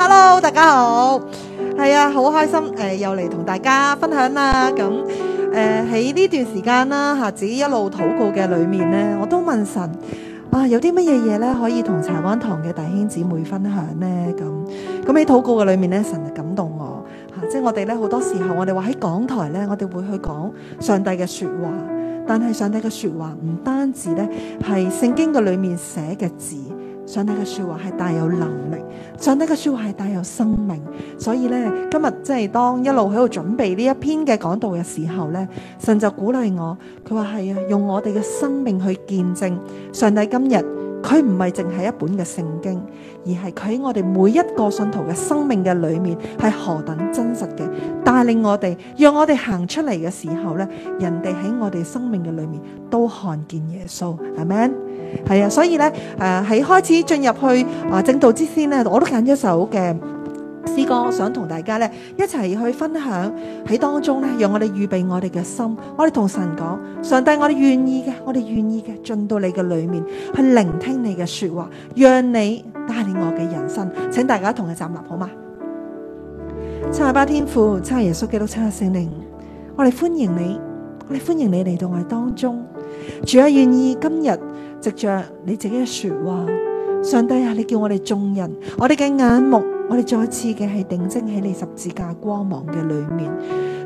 Hello，大家好，係啊，好開心誒，又嚟同大家分享啦。咁誒喺呢段時間啦吓，自己一路禱告嘅裏面呢，我都問神啊，有啲乜嘢嘢咧可以同柴灣堂嘅弟兄姊妹分享呢？嗯，咁咁喺禱告嘅裏面咧，神就感動我吓，啊，即係我哋咧好多時候，我哋話喺講台咧，我哋會去講上帝嘅說話，但係上帝嘅說話唔單止咧係聖經嘅裏面寫嘅字。上帝嘅說話係大有能力，上帝嘅說話係大有生命，所以咧今日即係當一路喺度準備呢一篇嘅講道嘅時候咧，神就鼓勵我，佢話係啊，用我哋嘅生命去見證上帝今日。佢唔係淨係一本嘅聖經，而係佢喺我哋每一個信徒嘅生命嘅裏面，係何等真實嘅！帶領我哋，讓我哋行出嚟嘅時候咧，人哋喺我哋生命嘅裏面都看見耶穌，係咪？係啊，所以咧，誒、呃、喺開始進入去啊、呃、正道之先咧，我都揀咗首嘅。詩歌想同大家咧一齊去分享喺當中咧，讓我哋預備我哋嘅心，我哋同神講，上帝我，我哋願意嘅，我哋願意嘅進到你嘅裏面去聆聽你嘅說話，讓你帶領我嘅人生。請大家同佢站立好嗎？差阿爸天父，差耶穌基督，差下聖靈，我哋歡迎你，我哋歡迎你嚟到我哋當中。主啊，願意今日藉着你自己嘅說話，上帝啊，你叫我哋眾人，我哋嘅眼目。我哋再次嘅係定睛喺你十字架光芒嘅裏面，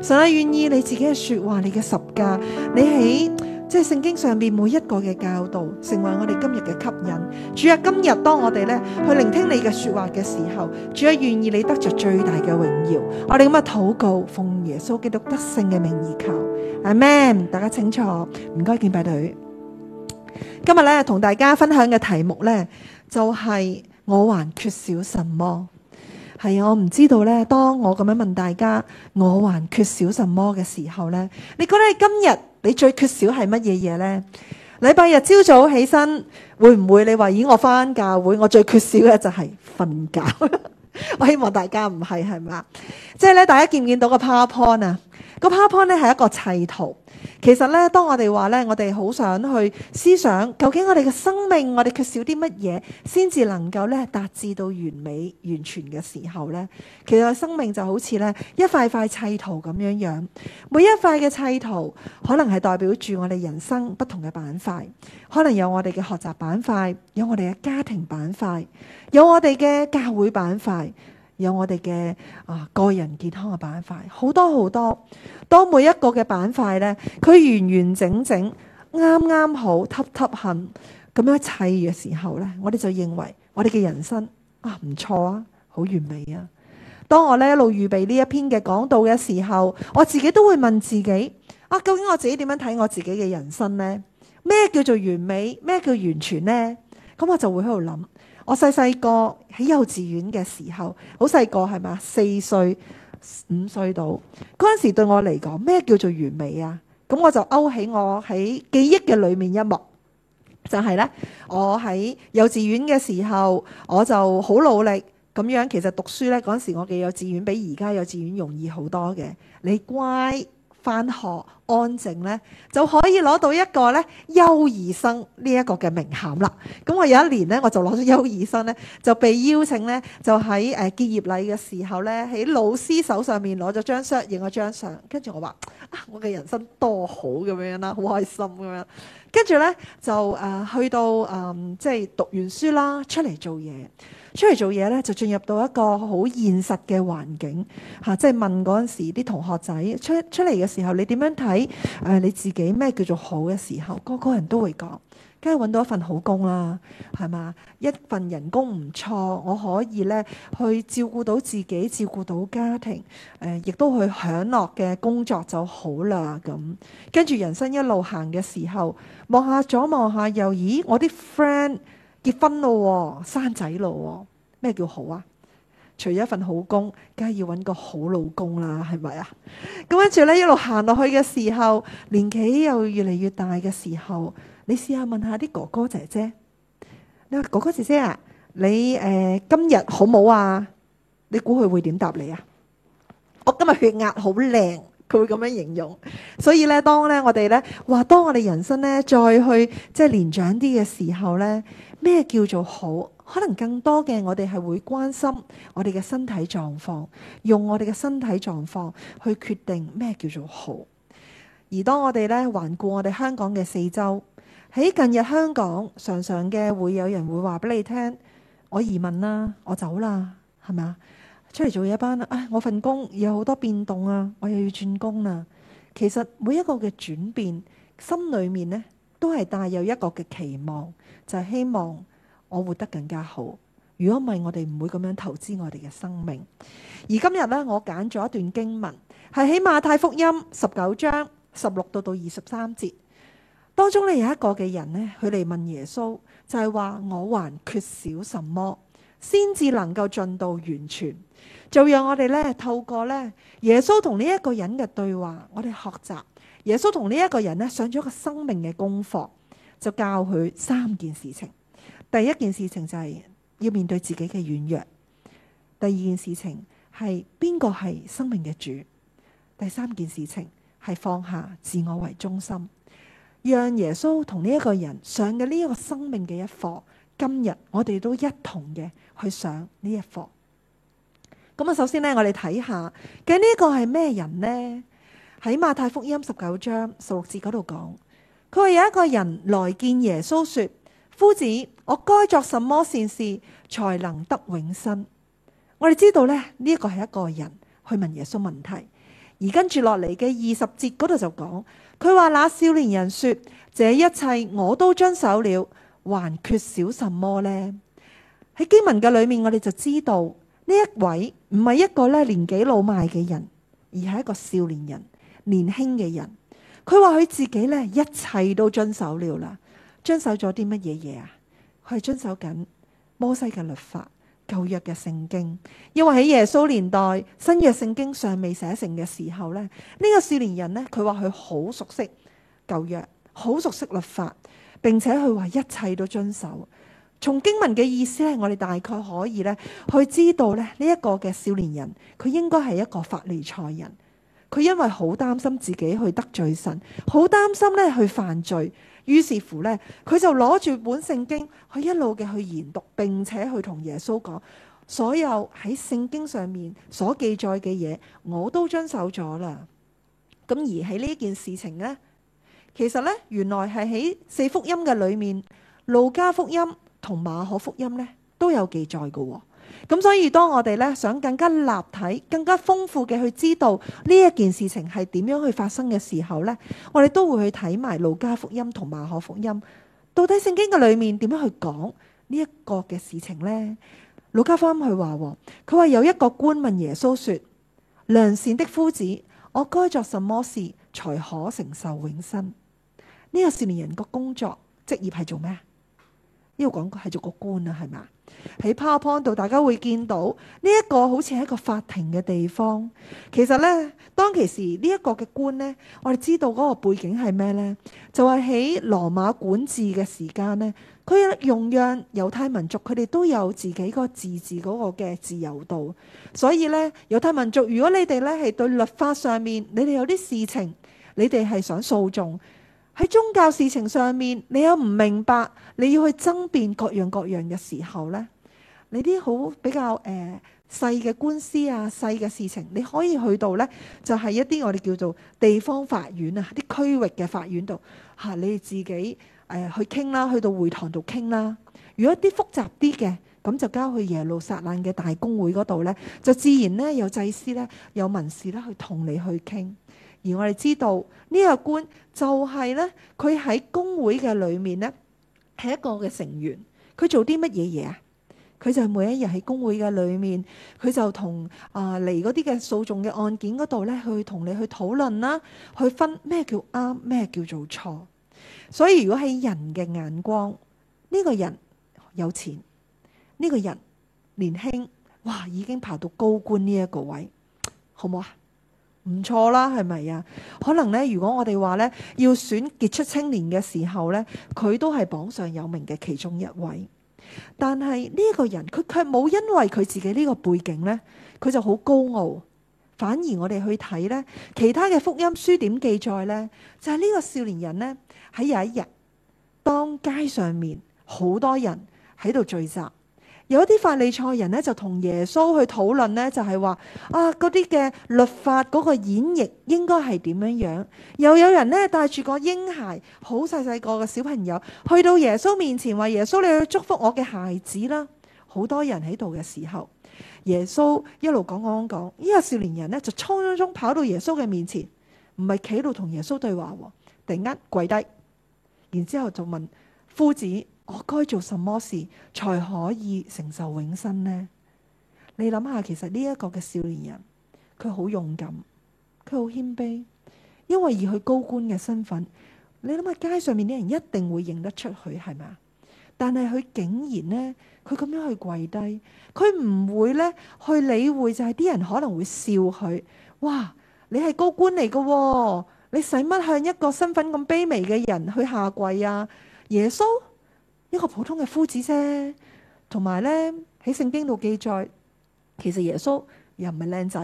神啊，願意你自己嘅說話，你嘅十架，你喺即係聖經上邊每一個嘅教導，成為我哋今日嘅吸引。主啊，今日當我哋咧去聆聽你嘅說話嘅時候，主啊，願意你得着最大嘅榮耀。我哋咁嘅禱告，奉耶穌基督得勝嘅名義求，阿門。大家請坐，唔該，敬拜隊。今日咧同大家分享嘅題目咧就係我還缺少什麼。係啊，我唔知道咧。當我咁樣問大家，我還缺少甚麼嘅時候咧？你覺得你今日你最缺少係乜嘢嘢咧？禮拜日朝早起身，會唔會你話咦？我返教會，我最缺少嘅就係瞓覺。 我希望大家唔係係嘛，即係咧，大家見唔見到個 PowerPoint 啊？個 PowerPoint 咧係一個砌圖。其實咧，當我哋話咧，我哋好想去思想，究竟我哋嘅生命，我哋缺少啲乜嘢先至能夠咧達至到完美完全嘅時候咧？其實生命就好似咧一塊塊砌圖咁樣樣，每一塊嘅砌圖可能係代表住我哋人生不同嘅板塊，可能有我哋嘅學習板塊，有我哋嘅家庭板塊，有我哋嘅教會板塊。有我哋嘅啊個人健康嘅板塊，好多好多。當每一個嘅板塊呢佢完完整整、啱啱好、凸凸痕咁樣砌嘅時候呢我哋就認為我哋嘅人生啊唔錯啊，好、啊、完美啊。當我呢一路預備呢一篇嘅講道嘅時候，我自己都會問自己：啊，究竟我自己點樣睇我自己嘅人生呢？咩叫做完美？咩叫完全呢？」咁我就會喺度諗。我細細個喺幼稚園嘅時候，好細個係嘛，四歲、五歲到嗰陣時，對我嚟講咩叫做完美啊？咁我就勾起我喺記憶嘅裏面一幕，就係咧我喺幼稚園嘅時候，我就好努力咁樣。其實讀書咧嗰陣時，我嘅幼稚園比而家幼稚園容易好多嘅。你乖、翻學，安靜咧，就可以攞到一個咧優異生呢一個嘅名銜啦。咁我有一年咧，我就攞咗優異生咧，就被邀請咧，就喺誒結業禮嘅時候咧，喺老師手上面攞咗張相，影咗張相，跟住我話啊，我嘅人生多好咁樣啦，好開心咁樣。跟住咧就誒、呃、去到誒、呃、即係讀完書啦，出嚟做嘢。出嚟做嘢咧，就進入到一個好現實嘅環境嚇、啊，即係問嗰陣時啲同學仔出出嚟嘅時候，你點樣睇誒、呃、你自己咩叫做好嘅時候？個個人都會講，梗係揾到一份好工啦，係嘛？一份人工唔錯，我可以咧去照顧到自己，照顧到家庭，誒、呃、亦都去享樂嘅工作就好啦咁。跟住人生一路行嘅時候，望下左望下右，咦，我啲 friend～結婚咯，生仔咯，咩叫好啊？除咗一份好工，梗係要搵個好老公啦，係咪啊？咁跟住呢，一路行落去嘅時候，年紀又越嚟越大嘅時候，你試，試問問下問下啲哥哥姐姐，你話哥哥姐姐啊，你誒、呃、今日好冇啊？你估佢會點答你啊？我今日血壓好靚，佢會咁樣形容。所以呢，當呢，我哋呢，話，當我哋人生呢，再去即係年長啲嘅時候呢。咩叫做好？可能更多嘅我哋係會關心我哋嘅身體狀況，用我哋嘅身體狀況去決定咩叫做好。而當我哋咧，環顧我哋香港嘅四周，喺近日香港常常嘅會有人會話俾你聽：我移民啦，我走啦，係咪啊？出嚟做嘢班啦！啊、哎，我份工有好多變動啊，我又要轉工啦。其實每一個嘅轉變，心裏面咧。都係帶有一個嘅期望，就係希望我活得更加好。如果唔係，我哋唔會咁樣投資我哋嘅生命。而今日呢，我揀咗一段經文，係喺馬太福音十九章十六到到二十三節當中咧，有一個嘅人呢，佢嚟問耶穌，就係話：我還缺少什麼，先至能夠進度完全？就讓我哋呢透過呢耶穌同呢一個人嘅對話，我哋學習。耶穌同呢一個人咧上咗一個生命嘅功課，就教佢三件事情。第一件事情就係要面對自己嘅軟弱；第二件事情係邊個係生命嘅主；第三件事情係放下自我為中心。讓耶穌同呢一個人上嘅呢個生命嘅一課，今日我哋都一同嘅去上呢一課。咁啊，首先咧，我哋睇下究竟呢個係咩人呢？喺馬太福音十九章十六節嗰度講，佢話有一個人來見耶穌，說：「夫子，我該作什麼善事才能得永生？」我哋知道咧，呢一個係一個人去問耶穌問題，而跟住落嚟嘅二十節嗰度就講，佢話那少年人說：「這一切我都遵守了，還缺少什麼呢？」喺經文嘅裏面，我哋就知道呢一位唔係一個咧年紀老邁嘅人，而係一個少年人。年輕嘅人，佢話佢自己咧一切都遵守了啦，遵守咗啲乜嘢嘢啊？佢係遵守緊摩西嘅律法、舊約嘅聖經。因為喺耶穌年代，新約聖經尚未寫成嘅時候咧，呢個少年人呢，佢話佢好熟悉舊約，好熟悉律法，並且佢話一切都遵守。從經文嘅意思咧，我哋大概可以咧去知道咧呢一個嘅少年人，佢應該係一個法利賽人。佢因為好擔心自己去得罪神，好擔心咧去犯罪，於是乎呢，佢就攞住本聖經，去一路嘅去研讀，並且去同耶穌講，所有喺聖經上面所記載嘅嘢，我都遵守咗啦。咁而喺呢件事情呢，其實呢，原來係喺四福音嘅裏面，路加福音同馬可福音呢都有記載嘅喎。咁所以，當我哋咧想更加立體、更加豐富嘅去知道呢一件事情係點樣去發生嘅時候咧，我哋都會去睇埋路加福音同馬可福音，到底聖經嘅裏面點樣去講呢一個嘅事情呢？路加福音佢話：佢話有一個官問耶穌說：良善的夫子，我該做什麼事才可承受永生？呢、這個少年人個工作職業係做咩？呢個廣告係做個官啊，係嘛？喺 PowerPoint 度，大家會見到呢一個好似係一個法庭嘅地方。其實呢，當其時呢一個嘅官呢，我哋知道嗰個背景係咩呢？就係喺羅馬管治嘅時間呢，佢用讓猶太民族，佢哋都有自己個自治嗰個嘅自由度。所以呢，猶太民族，如果你哋呢係對律法上面，你哋有啲事情，你哋係想訴訟。喺宗教事情上面，你有唔明白，你要去爭辯各樣各樣嘅時候呢，你啲好比較誒細嘅官司啊、細嘅事情，你可以去到呢，就係一啲我哋叫做地方法院啊，啲區域嘅法院度吓，你哋自己誒去傾啦，去到會堂度傾啦。如果啲複雜啲嘅，咁就交去耶路撒冷嘅大公會嗰度呢，就自然呢，有祭司呢，有民事呢去同你去傾。而我哋知道呢個官就係咧，佢喺公會嘅裏面咧，係一個嘅成員。佢做啲乜嘢嘢啊？佢就係每一日喺公會嘅裏面，佢就同啊嚟嗰啲嘅訴訟嘅案件嗰度咧，去同你去討論啦，去分咩叫啱，咩叫做錯。所以如果喺人嘅眼光，呢個人有錢，呢個人年輕，哇，已經爬到高官呢一個位，好唔好啊？唔錯啦，係咪呀？可能呢，如果我哋話呢，要選傑出青年嘅時候呢，佢都係榜上有名嘅其中一位。但係呢個人，佢卻冇因為佢自己呢個背景呢，佢就好高傲。反而我哋去睇呢，其他嘅福音書點記載呢，就係呢個少年人呢，喺有一日，當街上面好多人喺度聚集。有一啲法利賽人咧就同耶穌去討論咧，就係、是、話啊嗰啲嘅律法嗰、那個演繹應該係點樣樣？又有人咧帶住個嬰孩，好細細個嘅小朋友，去到耶穌面前話：耶穌，你去祝福我嘅孩子啦！好多人喺度嘅時候，耶穌一路講一路講一路講，呢、這個少年人咧就衝衝衝跑到耶穌嘅面前，唔係企度同耶穌對話，突然間跪低，然之後就問夫子。我該做什麼事才可以承受永生呢？你諗下，其實呢一個嘅少年人，佢好勇敢，佢好謙卑，因為以佢高官嘅身份，你諗下街上面啲人一定會認得出佢係咪啊？但係佢竟然呢，佢咁樣去跪低，佢唔會呢去理會，就係啲人可能會笑佢。哇，你係高官嚟噶喎，你使乜向一個身份咁卑微嘅人去下跪啊？耶穌？一個普通嘅夫子啫，同埋呢，喺聖經度記載，其實耶穌又唔係靚仔，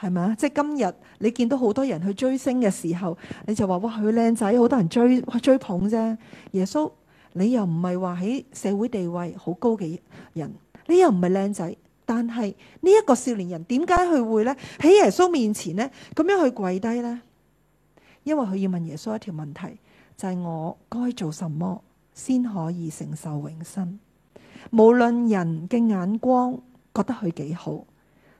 係咪啊？即係今日你見到好多人去追星嘅時候，你就話哇佢靚仔，好多人追追捧啫。耶穌你又唔係話喺社會地位好高嘅人，你又唔係靚仔，但係呢一個少年人點解佢會呢？喺耶穌面前呢，咁樣去跪低呢？因為佢要問耶穌一條問題，就係我該做什麼。先可以承受永生。無論人嘅眼光覺得佢幾好，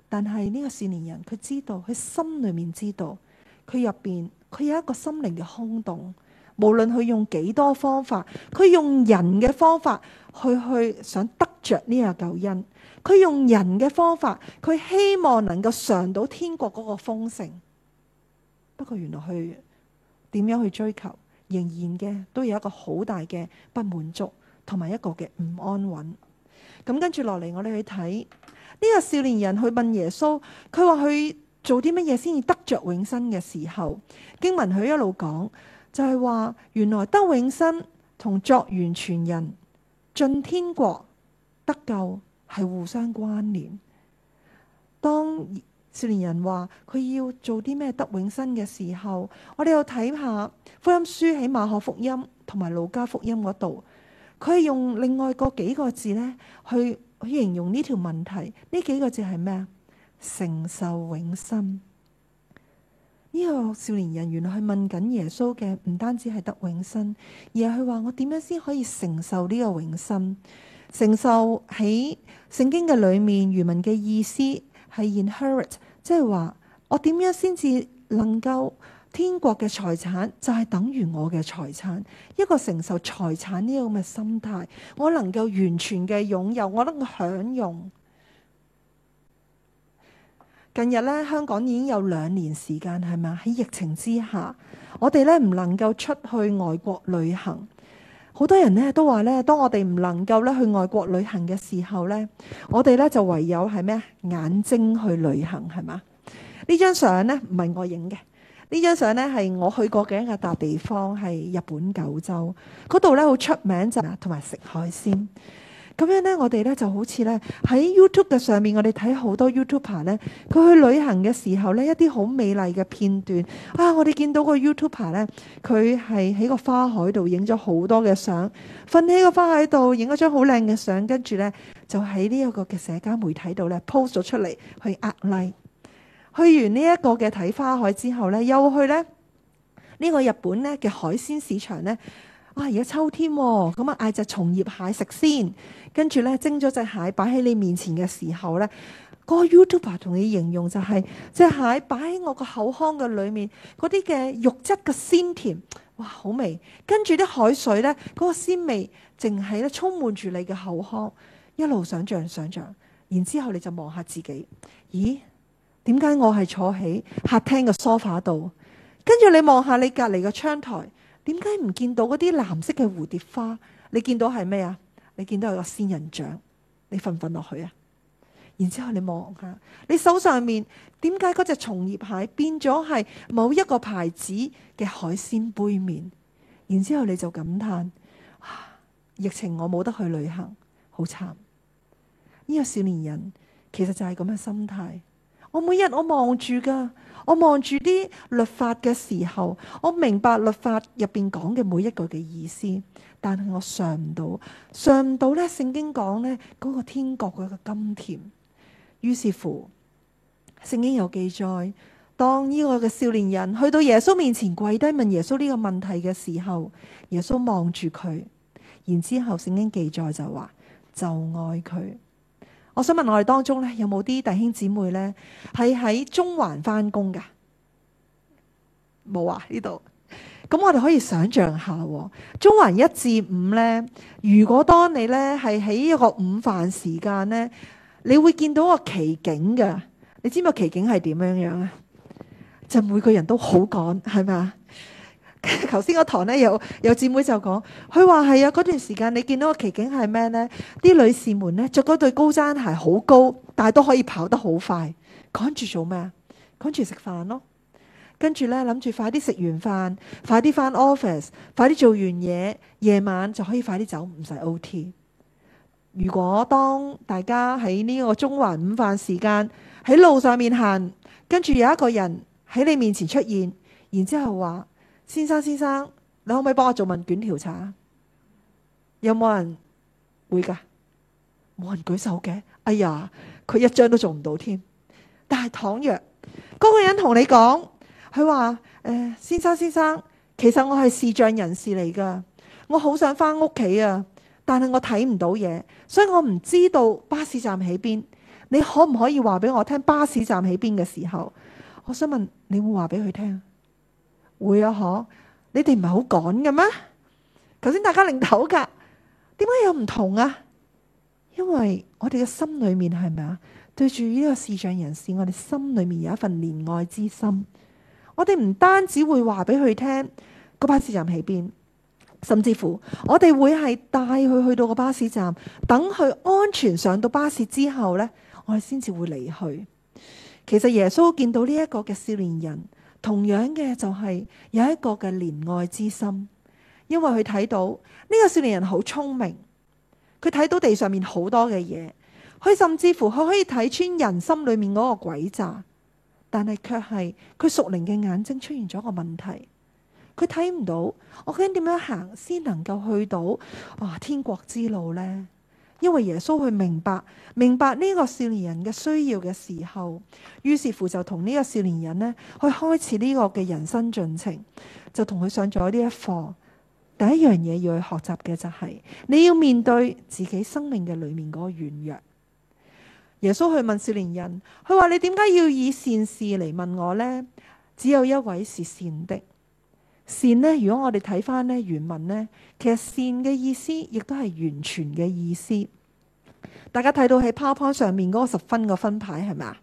但係呢個少年人佢知道，佢心裏面知道，佢入邊佢有一個心靈嘅空洞。無論佢用幾多方法，佢用人嘅方法去去想得着呢個救恩，佢用人嘅方法，佢希望能夠嘗到天國嗰個豐盛。不過原來佢點樣去追求？仍然嘅都有一個好大嘅不滿足，同埋一個嘅唔安穩。咁跟住落嚟，我哋去睇呢個少年人去問耶穌，佢話去做啲乜嘢先至得着永生嘅時候，經文佢一路講就係話，原來得永生同作完全人、進天國得救係互相關聯。當少年人話佢要做啲咩得永生嘅時候，我哋又睇下福音書喺馬可福音同埋路加福音嗰度，佢用另外個幾個字呢去形容呢條問題。呢幾個字係咩啊？承受永生。呢、這個少年人原來去問緊耶穌嘅，唔單止係得永生，而係佢話我點樣先可以承受呢個永生？承受喺聖經嘅裏面，原文嘅意思。係 inherit，即係話我點樣先至能夠天國嘅財產就係等於我嘅財產？一個承受財產呢個咁嘅心態，我能夠完全嘅擁有，我能夠享用。近日咧，香港已經有兩年時間係咪？喺疫情之下，我哋咧唔能夠出去外國旅行。好多人咧都話咧，當我哋唔能夠咧去外國旅行嘅時候咧，我哋咧就唯有係咩眼睛去旅行係嘛？呢張相咧唔係我影嘅。呢張相咧係我去過嘅一個笪地方，係日本九州嗰度咧，好出名就同埋食海鮮。咁樣咧，我哋咧就好似咧喺 YouTube 嘅上面我，我哋睇好多 YouTuber 咧，佢去旅行嘅時候咧，一啲好美麗嘅片段啊！我哋見到個 YouTuber 咧，佢係喺個花海度影咗好多嘅相，瞓喺個花海度影咗張好靚嘅相，跟住咧就喺呢一個嘅社交媒體度咧 post 咗出嚟去壓例。去完呢、這、一個嘅睇花海之後咧，又去咧呢個日本咧嘅海鮮市場咧。哇！而家秋天喎，咁啊嗌隻松葉蟹食先，跟住咧蒸咗隻蟹擺喺你面前嘅時候呢，嗰個 YouTuber 同你形容就係，隻蟹擺喺我個口腔嘅裏面，嗰啲嘅肉質嘅鮮甜，哇，好味！跟住啲海水呢，嗰個鮮味淨係咧充滿住你嘅口腔，一路想象想象，然之後你就望下自己，咦？點解我係坐喺客廳嘅梳化度？跟住你望下你隔籬嘅窗台。點解唔見到嗰啲藍色嘅蝴蝶花？你見到係咩啊？你見到有個仙人掌，你瞓唔瞓落去啊？然之後你望下，你手上面點解嗰隻松葉蟹變咗係某一個牌子嘅海鮮杯麵？然之後你就感嘆：疫情我冇得去旅行，好慘！呢個少年人其實就係咁嘅心態。我每日我望住噶。我望住啲律法嘅時候，我明白律法入邊講嘅每一句嘅意思，但係我上唔到，上唔到咧，聖經講咧嗰個天國嗰個甘甜。於是乎，聖經有記載，當呢個嘅少年人去到耶穌面前跪低問耶穌呢個問題嘅時候，耶穌望住佢，然之後聖經記載就話就愛佢。我想問我哋當中咧，有冇啲弟兄姊妹咧，係喺中環翻工噶？冇啊，呢度。咁我哋可以想象下，中環一至五咧，如果當你咧係喺一個午飯時間咧，你會見到個奇景噶。你知唔知個奇景係點樣樣啊？就每個人都好趕，係咪啊？頭先嗰堂咧，有有姊妹就講，佢話係啊。嗰段時間你見到個奇景係咩呢？啲女士們呢着嗰對高踭鞋，好高，但係都可以跑得好快。趕住做咩啊？趕住食飯咯。跟住呢，諗住快啲食完飯，快啲翻 office，快啲做完嘢，夜晚就可以快啲走，唔使 OT。如果當大家喺呢個中環午飯時間喺路上面行，跟住有一個人喺你面前出現，然之後話。先生先生，你可唔可以幫我做問卷調查？有冇人會噶？冇人舉手嘅。哎呀，佢一張都做唔到添。但係倘若嗰個人同你講，佢話誒，先生先生，其實我係視障人士嚟噶，我好想返屋企啊，但係我睇唔到嘢，所以我唔知道巴士站喺邊。你可唔可以話俾我聽巴士站喺邊嘅時候？我想問，你會話俾佢聽？會啊，嗬，你哋唔係好趕嘅咩？頭先大家擰頭噶，點解有唔同啊？因為我哋嘅心裏面係咪啊？對住呢個視障人士，我哋心裏面有一份憐愛之心。我哋唔單止會話俾佢聽個巴士站喺邊，甚至乎我哋會係帶佢去到個巴士站，等佢安全上到巴士之後呢，我哋先至會離去。其實耶穌見到呢一個嘅少年人。同樣嘅就係有一個嘅憐愛之心，因為佢睇到呢個少年人好聰明，佢睇到地上面好多嘅嘢，佢甚至乎佢可以睇穿人心裏面嗰個詭詐，但係卻係佢屬靈嘅眼睛出現咗個問題，佢睇唔到，我究竟點樣行先能夠去到啊、哦、天國之路呢？因為耶穌去明白明白呢個少年人嘅需要嘅時候，於是乎就同呢個少年人呢去開始呢個嘅人生進程，就同佢上咗呢一課。第一樣嘢要去學習嘅就係、是、你要面對自己生命嘅裏面嗰個軟弱。耶穌去問少年人，佢話你點解要以善事嚟問我呢？只有一位是善的。善咧，如果我哋睇翻咧原文咧，其實善嘅意思亦都係完全嘅意思。大家睇到喺 PowerPoint 上面嗰個十分嘅分牌係咪？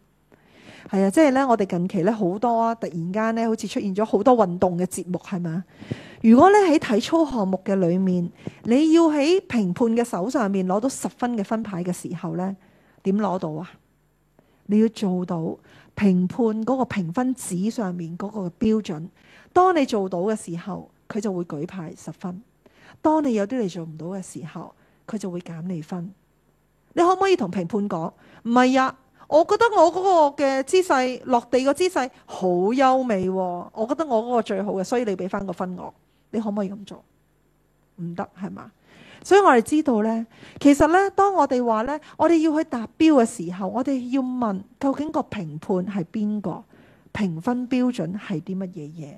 係啊，即係咧，就是、我哋近期咧好多啊，突然間咧，好似出現咗好多運動嘅節目係咪？如果咧喺體操項目嘅裡面，你要喺評判嘅手上面攞到十分嘅分牌嘅時候咧，點攞到啊？你要做到評判嗰個評分紙上面嗰個標準。當你做到嘅時候，佢就會舉牌十分；當你有啲你做唔到嘅時候，佢就會減你分。你可唔可以同評判講唔係呀？我覺得我嗰個嘅姿勢落地個姿勢好優美，啊，我覺得我嗰個最好嘅，所以你俾翻個分我。你可唔可以咁做？唔得係嘛？所以我哋知道呢，其實呢，當我哋話呢，我哋要去達標嘅時候，我哋要問究竟個評判係邊個，評分標準係啲乜嘢嘢？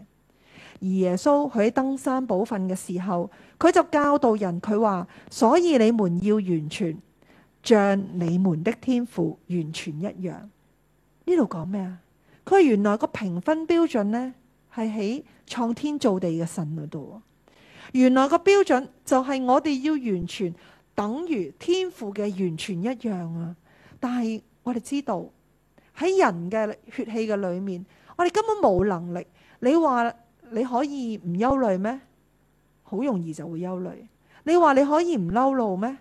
而耶穌佢喺登山寶訓嘅時候，佢就教導人佢話：所以你們要完全像你們的天父完全一樣。呢度講咩啊？佢原來個評分標準呢，係喺創天造地嘅神嗰度。原來個標準就係我哋要完全等於天父嘅完全一樣啊！但係我哋知道喺人嘅血氣嘅裏面，我哋根本冇能力。你話。你可以唔憂慮咩？好容易就會憂慮。你話你可以唔嬲怒咩？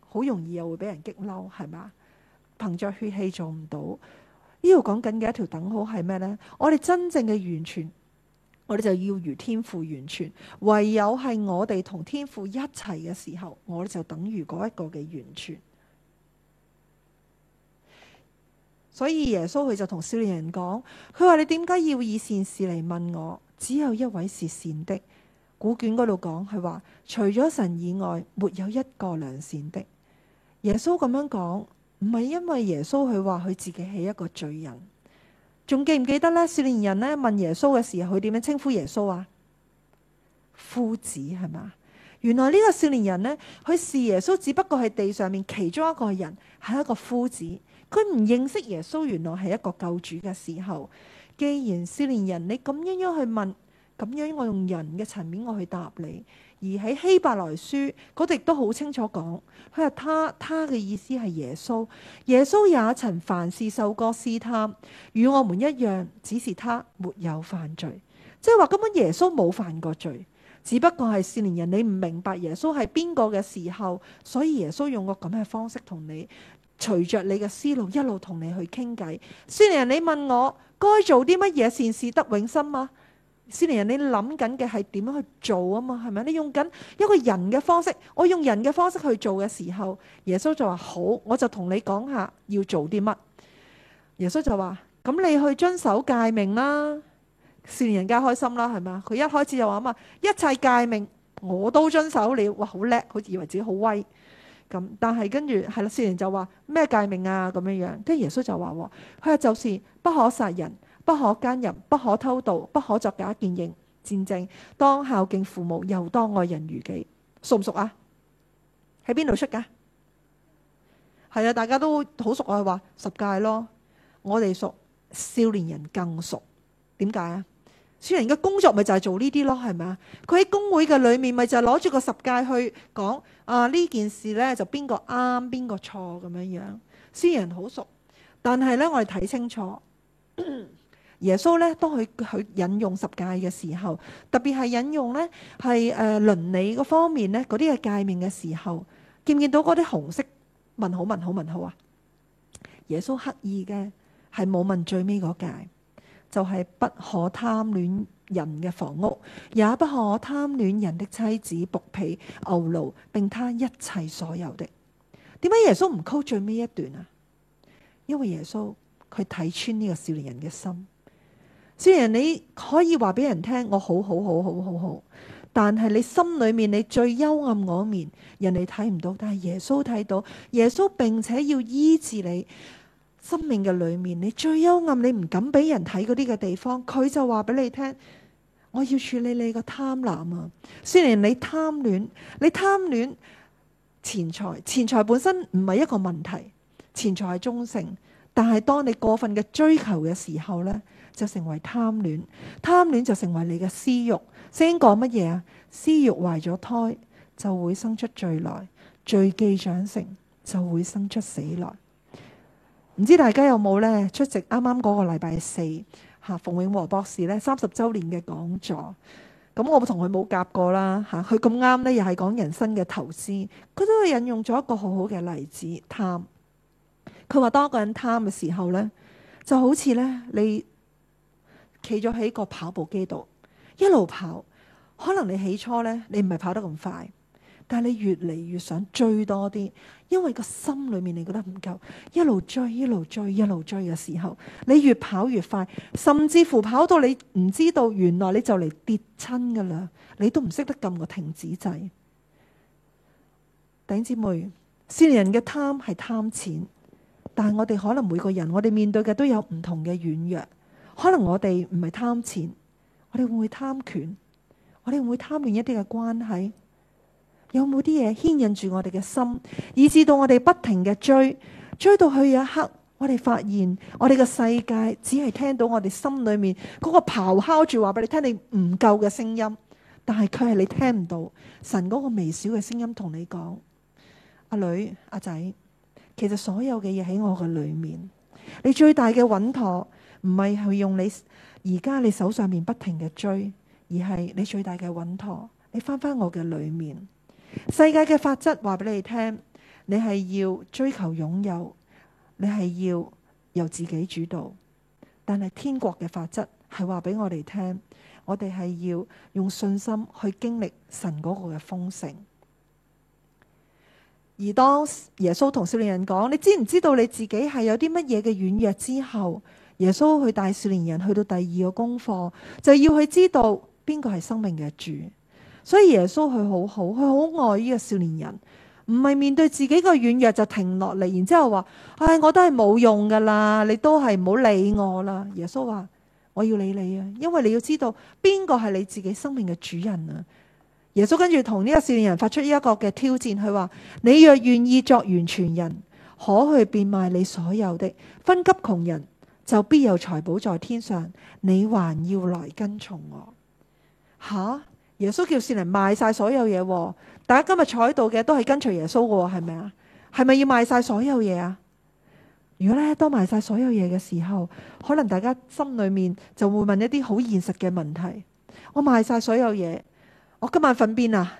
好容易又會俾人激嬲，係嘛？憑着血氣做唔到。呢度講緊嘅一條等號係咩呢？我哋真正嘅完全，我哋就要如天父完全。唯有係我哋同天父一齊嘅時候，我哋就等於嗰一個嘅完全。所以耶穌佢就同少年人講，佢話你點解要以善事嚟問我？只有一位是善的，古卷嗰度講佢話，除咗神以外，沒有一個良善的。耶穌咁樣講，唔係因為耶穌佢話佢自己係一個罪人，仲記唔記得咧？少年人咧問耶穌嘅時候，佢點樣稱呼耶穌啊？夫子係嘛？原來呢個少年人呢，佢視耶穌只不過係地上面其中一個人，係一個夫子，佢唔認識耶穌，原來係一個救主嘅時候。既然少年人，你咁樣樣去問，咁樣我用人嘅層面我去答你。而喺希伯來書嗰度都好清楚講，佢話他，他嘅意思係耶穌，耶穌也曾凡事受過試探，與我們一樣，只是他沒有犯罪。即係話根本耶穌冇犯過罪，只不過係少年人，你唔明白耶穌係邊個嘅時候，所以耶穌用個咁嘅方式同你，隨着你嘅思路一路同你去傾偈。少年人，你問我。該做啲乜嘢善事得永生嘛？少年人，你諗緊嘅係點樣去做啊？嘛係咪？你用緊一個人嘅方式，我用人嘅方式去做嘅時候，耶穌就話，好，我就同你講下要做啲乜。耶穌就話咁、嗯，你去遵守誡命啦。少年人梗係開心啦，係咪啊？佢一開始就話啊嘛，一切誡命我都遵守了。哇，好叻，佢以為自己好威。咁，但係跟住係啦，少年就話咩誡命啊，咁樣樣，跟住耶穌就話，佢、哦、話就是不可殺人，不可姦淫，不可偷盜，不可作假見證、見證。當孝敬父母，又當愛人如己，熟唔熟啊？喺邊度出噶？係啊，大家都好熟啊，話十誡咯。我哋熟，少年人更熟。點解啊？少年嘅工作咪就係做呢啲咯，係咪啊？佢喺工會嘅裏面咪就係攞住個十誡去講。啊！呢件事咧就邊個啱邊個錯咁樣樣，雖然好熟，但係咧我哋睇清楚。 耶穌咧當佢佢引用十誡嘅時候，特別係引用咧係誒倫理嗰方面咧嗰啲嘅界面嘅時候，見唔見到嗰啲紅色問號問號問號，問號啊？耶穌刻意嘅係冇問最尾嗰誡，就係、是、不可貪戀。人嘅房屋，也不可貪戀人的妻子、僕婢、牛驢，並他一切所有的。點解耶穌唔 cul 最尾一段啊？因為耶穌佢睇穿呢個少年人嘅心。雖然你可以話俾人聽我好好好好好好，但係你心裏面你最幽暗嗰面，人哋睇唔到，但係耶穌睇到，耶穌並且要醫治你。生命嘅裏面，你最幽暗，你唔敢俾人睇嗰啲嘅地方，佢就話俾你聽：我要處理你個貪婪啊！雖然你貪戀，你貪戀錢財，錢財本身唔係一個問題，錢財係中性，但係當你過分嘅追求嘅時候呢，就成為貪戀，貪戀就成為你嘅私慾。聖經講乜嘢啊？私慾懷咗胎，就會生出罪來；罪既長成，就會生出死來。唔知大家有冇呢，出席啱啱嗰個禮拜四吓，馮永和博士呢三十周年嘅講座？咁、嗯、我同佢冇夾過啦吓，佢咁啱呢，又係講人生嘅投資，佢都引用咗一個好好嘅例子，貪。佢話當一個人貪嘅時候呢，就好似呢，你企咗喺個跑步機度一路跑，可能你起初呢，你唔係跑得咁快，但係你越嚟越想追多啲，因為個心裏面你覺得唔夠，一路追一路追一路追嘅時候，你越跑越快，甚至乎跑到你唔知道，原來你就嚟跌親噶啦，你都唔識得撳個停止掣。頂姊妹，聖人嘅貪係貪錢，但係我哋可能每個人，我哋面對嘅都有唔同嘅軟弱。可能我哋唔係貪錢，我哋會唔會貪權？我哋會唔會貪戀一啲嘅關係？有冇啲嘢牽引住我哋嘅心，以至到我哋不停嘅追追到去，一刻我哋發現我哋嘅世界只係聽到我哋心裏面嗰個咆哮住話俾你聽，你唔夠嘅聲音，但係佢係你聽唔到神嗰個微小嘅聲音同你講，阿女阿仔，其實所有嘅嘢喺我嘅裏面，你最大嘅穩妥唔係係用你而家你手上面不停嘅追，而係你最大嘅穩妥，你翻翻我嘅裏面。世界嘅法則話俾你聽，你係要追求擁有，你係要由自己主導。但係天國嘅法則係話俾我哋聽，我哋係要用信心去經歷神嗰個嘅豐盛。而當耶穌同少年人講，你知唔知道你自己係有啲乜嘢嘅軟弱之後，耶穌去帶少年人去到第二個功課，就要去知道邊個係生命嘅主。所以耶穌佢好好，佢好愛呢個少年人，唔係面對自己個軟弱就停落嚟，然之後話：唉、哎，我都係冇用噶啦，你都係唔好理我啦。耶穌話：我要理你啊，因為你要知道邊個係你自己生命嘅主人啊。耶穌跟住同呢個少年人發出呢一個嘅挑戰，佢話：你若願意作完全人，可去變賣你所有的，分給窮人，就必有財寶在天上。你還要來跟從我吓？啊耶穌叫善人賣晒所有嘢，大家今日坐喺度嘅都係跟隨耶穌噶，係咪啊？係咪要賣晒所有嘢啊？如果咧當賣晒所有嘢嘅時候，可能大家心裏面就會問一啲好現實嘅問題：我賣晒所有嘢，我今晚瞓邊啊？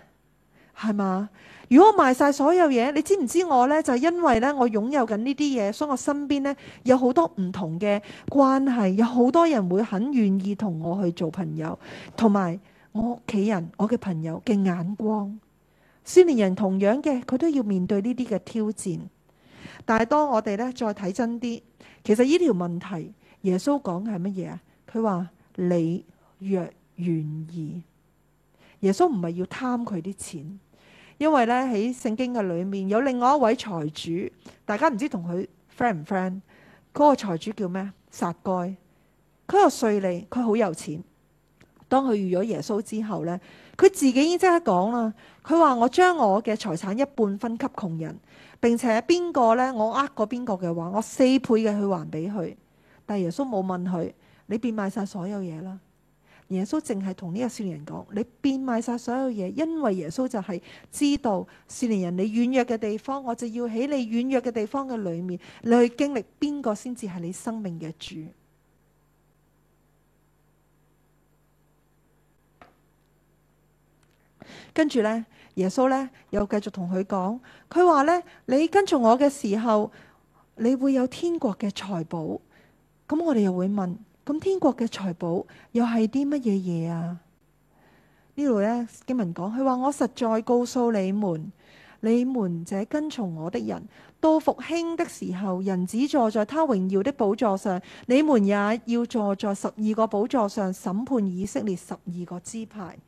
係嘛？如果我賣晒所有嘢，你知唔知我呢？就係、因為呢，我擁有緊呢啲嘢，所以我身邊呢，有好多唔同嘅關係，有好多人會很願意同我去做朋友，同埋。我屋企人、我嘅朋友嘅眼光，中年人同樣嘅，佢都要面對呢啲嘅挑戰。但係當我哋咧再睇真啲，其實呢條問題，耶穌講嘅係乜嘢啊？佢話你若願意，耶穌唔係要貪佢啲錢，因為咧喺聖經嘅裏面有另外一位財主，大家唔知同佢 friend 唔 friend？嗰個財主叫咩？撒該，佢又稅吏，佢好有錢。當佢遇咗耶穌之後呢，佢自己已經即刻講啦。佢話我將我嘅財產一半分給窮人，並且邊個呢？我呃過邊個嘅話，我四倍嘅去還俾佢。但耶穌冇問佢，你變賣晒所有嘢啦。耶穌淨係同呢個少年人講，你變賣晒所有嘢，因為耶穌就係知道少年人你軟弱嘅地方，我就要喺你軟弱嘅地方嘅裏面，你去經歷邊個先至係你生命嘅主。跟住呢，耶穌呢又繼續同佢講，佢話呢：「你跟從我嘅時候，你會有天國嘅財寶。咁、嗯、我哋又會問：咁、嗯、天國嘅財寶又係啲乜嘢嘢啊？呢度呢，經文講，佢話我實在告訴你們，你們這跟從我的人，到復興的時候，人子坐在他榮耀的寶座上，你們也要坐在十二個寶座上，審判以色列十二個支派。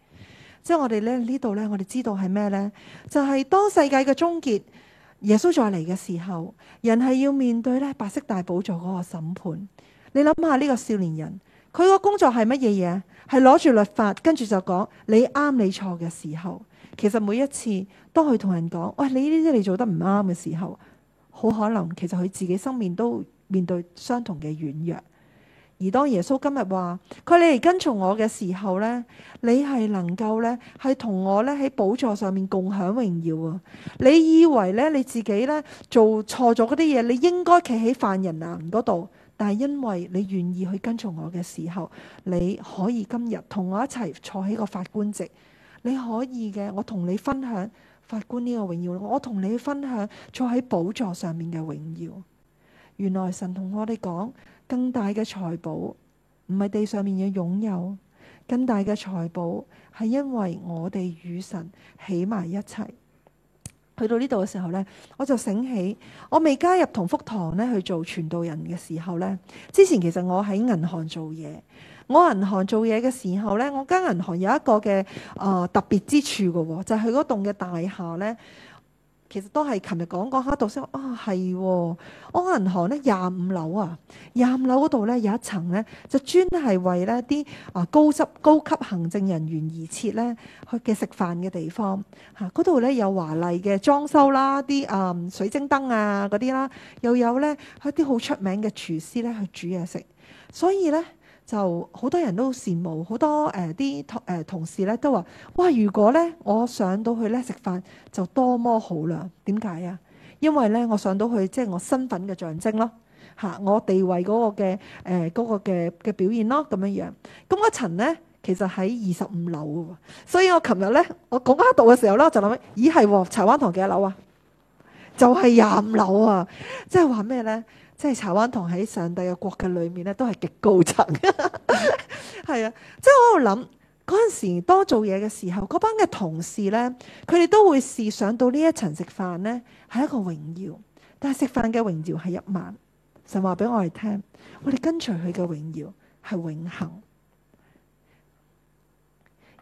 即係我哋咧呢度咧，我哋知道係咩咧？就係、是、當世界嘅終結，耶穌再嚟嘅時候，人係要面對咧白色大寶座嗰個審判。你諗下呢個少年人，佢個工作係乜嘢嘢？係攞住律法跟住就講，你啱你錯嘅時候。其實每一次，當佢同人講：哎「喂，你呢啲你做得唔啱嘅時候，好可能其實佢自己心面都面對相同嘅軟弱。而當耶穌今日話佢嚟跟從我嘅時候呢，你係能夠呢，係同我呢喺寶座上面共享榮耀啊！你以為呢，你自己呢，做錯咗嗰啲嘢，你應該企喺犯人欄嗰度，但係因為你願意去跟從我嘅時候，你可以今日同我一齊坐喺個法官席，你可以嘅，我同你分享法官呢個榮耀，我同你分享坐喺寶座上面嘅榮耀。原來神同我哋講。更大嘅財寶唔係地上面嘅擁有，更大嘅財寶係因為我哋與神起埋一齊。去到呢度嘅時候呢，我就醒起，我未加入同福堂咧去做傳道人嘅時候呢。之前其實我喺銀行做嘢，我銀行做嘢嘅時候呢，我間銀行有一個嘅啊特別之處嘅，就係嗰棟嘅大廈呢。其實都係琴日講講下，度先、哦哦嗰個、啊，係我間銀行咧廿五樓啊，廿五樓嗰度咧有一層咧，就專係為咧啲啊高級高級行政人員而設咧去嘅食飯嘅地方嚇，嗰度咧有華麗嘅裝修啦，啲啊、嗯、水晶燈啊嗰啲啦，又有咧一啲好出名嘅廚師咧去煮嘢食，所以咧。就好多人都羨慕，好多誒啲誒同事咧都話：哇！如果咧我上到去咧食飯就多麼好啦？點解啊？因為咧我上到去即係我身份嘅象徵咯，嚇我地位嗰個嘅誒嗰個嘅嘅表現咯咁樣樣。咁我層咧其實喺二十五樓喎，所以我琴日咧我講下度嘅時候咧就諗起，咦係喎？柴灣堂幾多樓啊？就係廿五樓啊！即係話咩咧？即係柴灣同喺上帝嘅國嘅裏面咧，都係極高層。係啊，即係我喺度諗嗰陣時多做嘢嘅時候，嗰班嘅同事咧，佢哋都會試想到一層呢一層食飯咧係一個榮耀。但係食飯嘅榮耀係一晚，神話俾我哋聽，我哋跟隨佢嘅榮耀係永恆。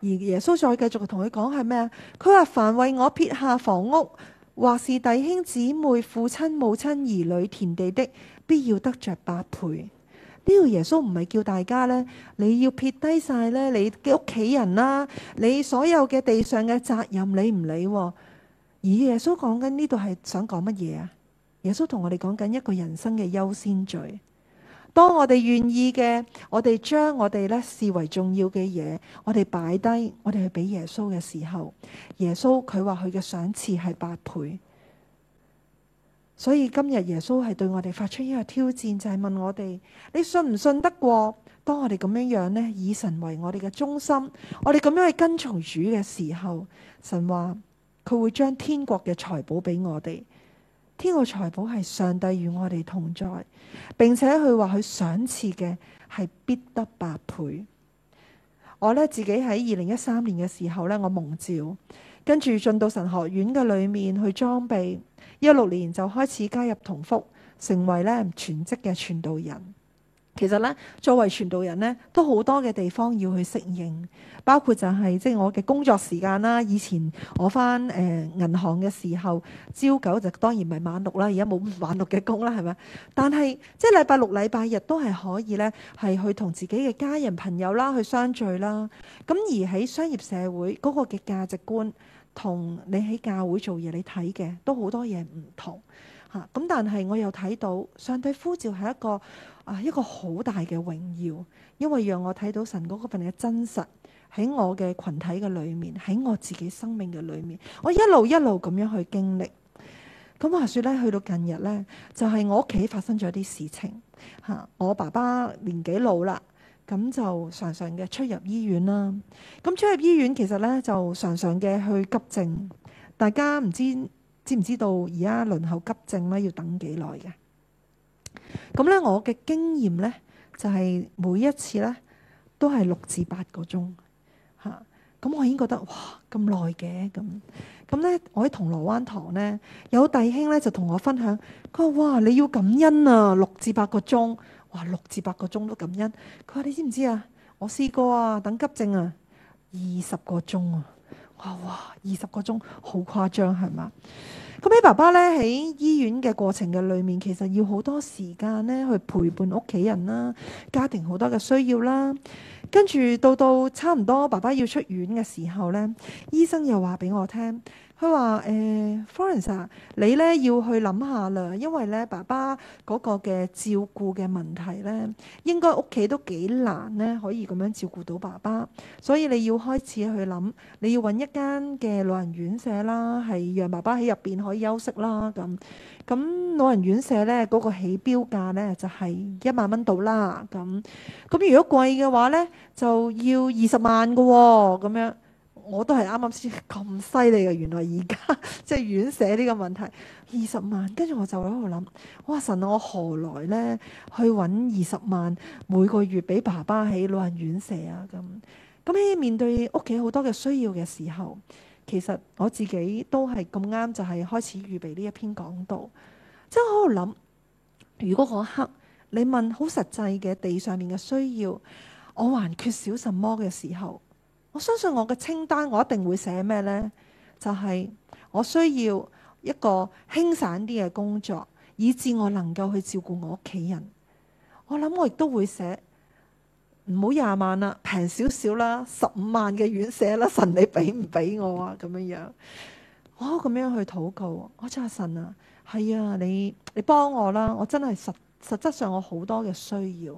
而耶穌再繼續同佢講係咩？佢話，凡為我撇下房屋。或是弟兄姊妹、父親母親、兒女、田地的，必要得着百倍。呢個耶穌唔係叫大家咧，你要撇低晒咧，你嘅屋企人啦，你所有嘅地上嘅責任理唔理？而耶穌講緊呢度係想講乜嘢啊？耶穌同我哋講緊一個人生嘅優先序。當我哋願意嘅，我哋將我哋呢視為重要嘅嘢，我哋擺低，我哋去俾耶穌嘅時候，耶穌佢話佢嘅賞賜係八倍。所以今日耶穌係對我哋發出一個挑戰，就係、是、問我哋：你信唔信得過？當我哋咁樣樣呢，以神為我哋嘅中心，我哋咁樣去跟從主嘅時候，神話佢會將天國嘅財寶俾我哋。天國財寶係上帝與我哋同在，並且佢話佢賞賜嘅係必得百倍。我呢，自己喺二零一三年嘅時候呢，我蒙召，跟住進到神學院嘅裏面去裝備，一六年就開始加入同福，成為呢全職嘅傳道人。其實咧，作為傳道人咧，都好多嘅地方要去適應，包括就係、是、即係我嘅工作時間啦。以前我返誒、呃、銀行嘅時候，朝九就當然唔係晚六啦，而家冇晚六嘅工啦，係咪？但係即係禮拜六、禮拜日都係可以咧，係去同自己嘅家人朋友啦去相聚啦。咁而喺商業社會嗰個嘅價值觀，同你喺教會做嘢你睇嘅都好多嘢唔同吓。咁、啊、但係我又睇到上帝呼召係一個。啊！一個好大嘅榮耀，因為讓我睇到神嗰嗰份嘅真實喺我嘅群體嘅裏面，喺我自己生命嘅裏面，我一路一路咁樣去經歷。咁話説咧，去到近日咧，就係我屋企發生咗啲事情嚇。我爸爸年紀老啦，咁就常常嘅出入醫院啦。咁出入醫院其實咧就常常嘅去急症，大家唔知知唔知道而家輪候急症咧要等幾耐嘅？咁咧，我嘅經驗咧，就係、是、每一次咧都係六至八個鐘吓。咁、啊、我已經覺得哇咁耐嘅咁。咁咧，我喺銅鑼灣堂咧，有弟兄咧就同我分享，佢話：哇，你要感恩啊，六至八個鐘，哇，六至八個鐘都感恩。佢話：你知唔知啊？我試過啊，等急症啊，二十個鐘啊！哇！二十個鐘好誇張係嘛？咁喺爸爸咧喺醫院嘅過程嘅裏面，其實要好多時間咧去陪伴屋企人啦，家庭好多嘅需要啦。跟住到到差唔多爸爸要出院嘅時候咧，醫生又話俾我聽。佢話：誒，Florence 啊，欸、Florence, 你咧要去諗下啦，因為咧爸爸嗰個嘅照顧嘅問題咧，應該屋企都幾難咧，可以咁樣照顧到爸爸，所以你要開始去諗，你要揾一間嘅老人院舍啦，係讓爸爸喺入邊可以休息啦，咁咁老人院舍咧嗰個起標價咧就係、是、一萬蚊度啦，咁咁如果貴嘅話咧就要二十萬嘅喎、哦，咁樣。我都係啱啱先咁犀利嘅，原來而家即係院舍呢個問題二十萬，跟住我就喺度諗，哇！神啊，我何來呢？去揾二十萬每個月俾爸爸喺老人院舍啊咁？咁喺面對屋企好多嘅需要嘅時候，其實我自己都係咁啱，就係開始預備呢一篇講道，即係我喺度諗，如果嗰刻你問好實際嘅地上面嘅需要，我還缺少什麼嘅時候。我相信我嘅清單，我一定會寫咩呢？就係我需要一個輕省啲嘅工作，以致我能夠去照顧我屋企人。我諗我亦都會寫，唔好廿萬啦，平少少啦，十五萬嘅院舍啦。神，你俾唔俾我啊？咁樣樣，我咁樣去禱告。我真係神啊，係啊，你你幫我啦。我真係實實質上我好多嘅需要。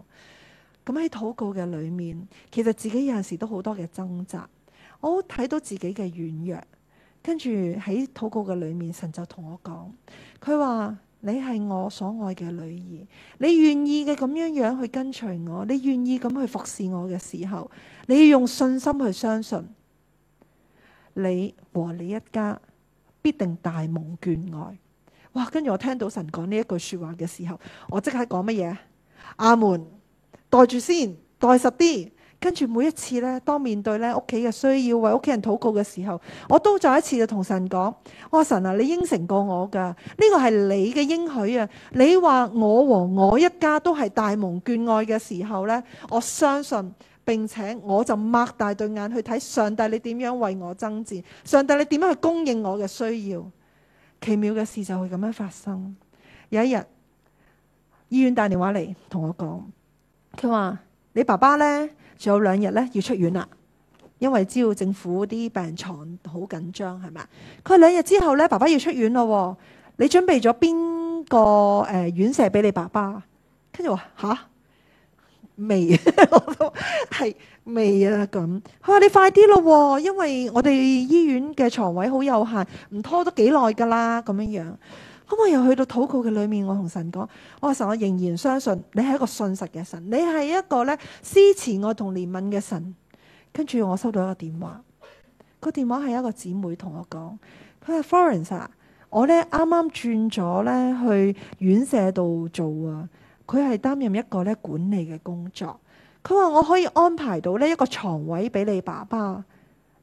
咁喺禱告嘅裏面，其實自己有陣時都好多嘅掙扎，我睇到自己嘅軟弱，跟住喺禱告嘅裏面，神就同我講，佢話你係我所愛嘅女兒，你願意嘅咁樣樣去跟隨我，你願意咁去服侍我嘅時候，你要用信心去相信，你和你一家必定大蒙眷愛。哇！跟住我聽到神講呢一句說話嘅時候，我即刻講乜嘢？阿門。待住先，待實啲，跟住每一次咧，當面對咧屋企嘅需要，為屋企人禱告嘅時候，我都再一次就同神講，我話，神啊，你應承過我噶，呢個係你嘅應許啊！你話我和我一家都係大蒙眷愛嘅時候咧，我相信，並且我就擘大對眼去睇上帝，你點樣為我爭戰，上帝你點樣去供應我嘅需要，奇妙嘅事就會咁樣發生。有一日，醫院打電話嚟，同我講。佢話：你爸爸呢？仲有兩日呢要出院啦，因為知道政府啲病床好緊張，係咪？佢話兩日之後呢，爸爸要出院咯。你準備咗邊個誒、呃、院舍俾你爸爸？跟住話吓？未，我 係 未啊咁。佢話你快啲咯，因為我哋醫院嘅床位好有限，唔拖都幾耐㗎啦，咁樣樣。可唔可以又去到禱告嘅裏面？我同神講：我話，神，我仍然相信你係一個信實嘅神，你係一個咧施慈愛同憐憫嘅神。跟住我收到一個電話，個電話係一個姊妹同我講：佢話 Florence 啊，Fl ce, 我咧啱啱轉咗咧去院舍度做啊，佢係擔任一個咧管理嘅工作。佢話我可以安排到呢一個床位俾你爸爸，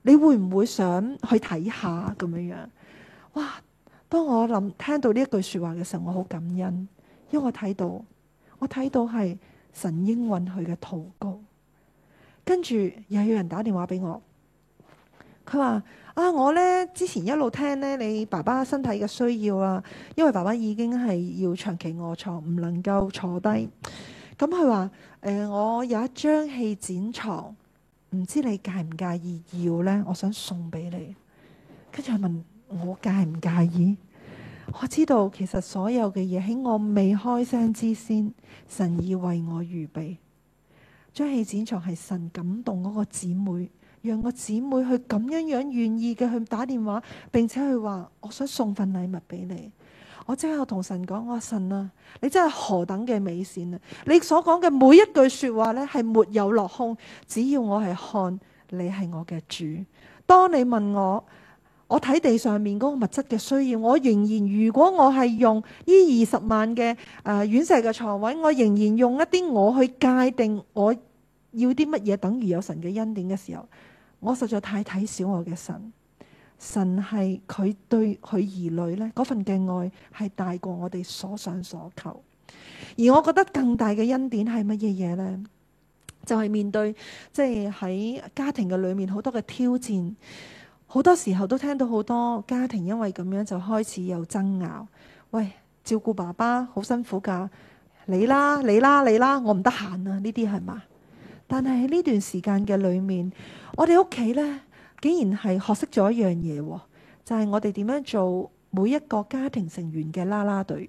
你會唔會想去睇下咁樣樣？哇！當我諗聽到呢一句說話嘅時候，我好感恩，因為我睇到，我睇到係神應允佢嘅禱告。跟住又有人打電話俾我，佢話啊，我呢，之前一路聽呢，你爸爸身體嘅需要啊，因為爸爸已經係要長期卧床，唔能夠坐低。咁佢話誒，我有一張氣剪床，唔知你介唔介意要呢？我想送俾你。跟住佢問。我介唔介意，我知道其實所有嘅嘢喺我未開聲之先，神已為我預備。張戲展就係神感動嗰個姊妹，讓個姊妹去咁樣樣願意嘅去打電話，並且去話我想送份禮物俾你。我即刻同神講，我神啊，你真係何等嘅美善啊！你所講嘅每一句說話呢，係沒有落空。只要我係看，你係我嘅主。當你問我，我睇地上面嗰個物質嘅需要，我仍然如果我係用呢二十萬嘅誒，院舍嘅床位，我仍然用一啲我去界定我要啲乜嘢，等於有神嘅恩典嘅時候，我實在太睇小我嘅神。神係佢對佢兒女咧，嗰份嘅愛係大過我哋所想所求。而我覺得更大嘅恩典係乜嘢嘢咧？就係、是、面對即係喺家庭嘅裏面好多嘅挑戰。好多時候都聽到好多家庭因為咁樣就開始有爭拗。喂，照顧爸爸好辛苦㗎，你啦你啦你啦，我唔得閒啊！呢啲係嘛？但係喺呢段時間嘅裡面，我哋屋企呢竟然係學識咗一樣嘢，就係我哋點樣做每一個家庭成員嘅啦啦隊。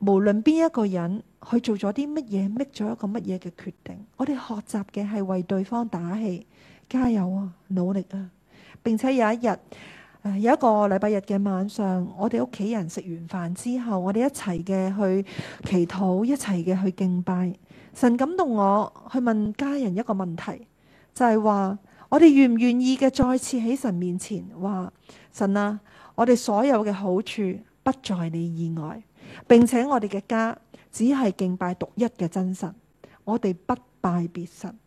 無論邊一個人去做咗啲乜嘢，搣咗一個乜嘢嘅決定，我哋學習嘅係為對方打氣，加油啊，努力啊！並且有一日，有一個禮拜日嘅晚上，我哋屋企人食完飯之後，我哋一齊嘅去祈禱，一齊嘅去敬拜。神感動我，去問家人一個問題，就係話：我哋願唔願意嘅再次喺神面前話神啊！我哋所有嘅好處不在你以外。並且我哋嘅家只係敬拜獨一嘅真神，我哋不拜別神。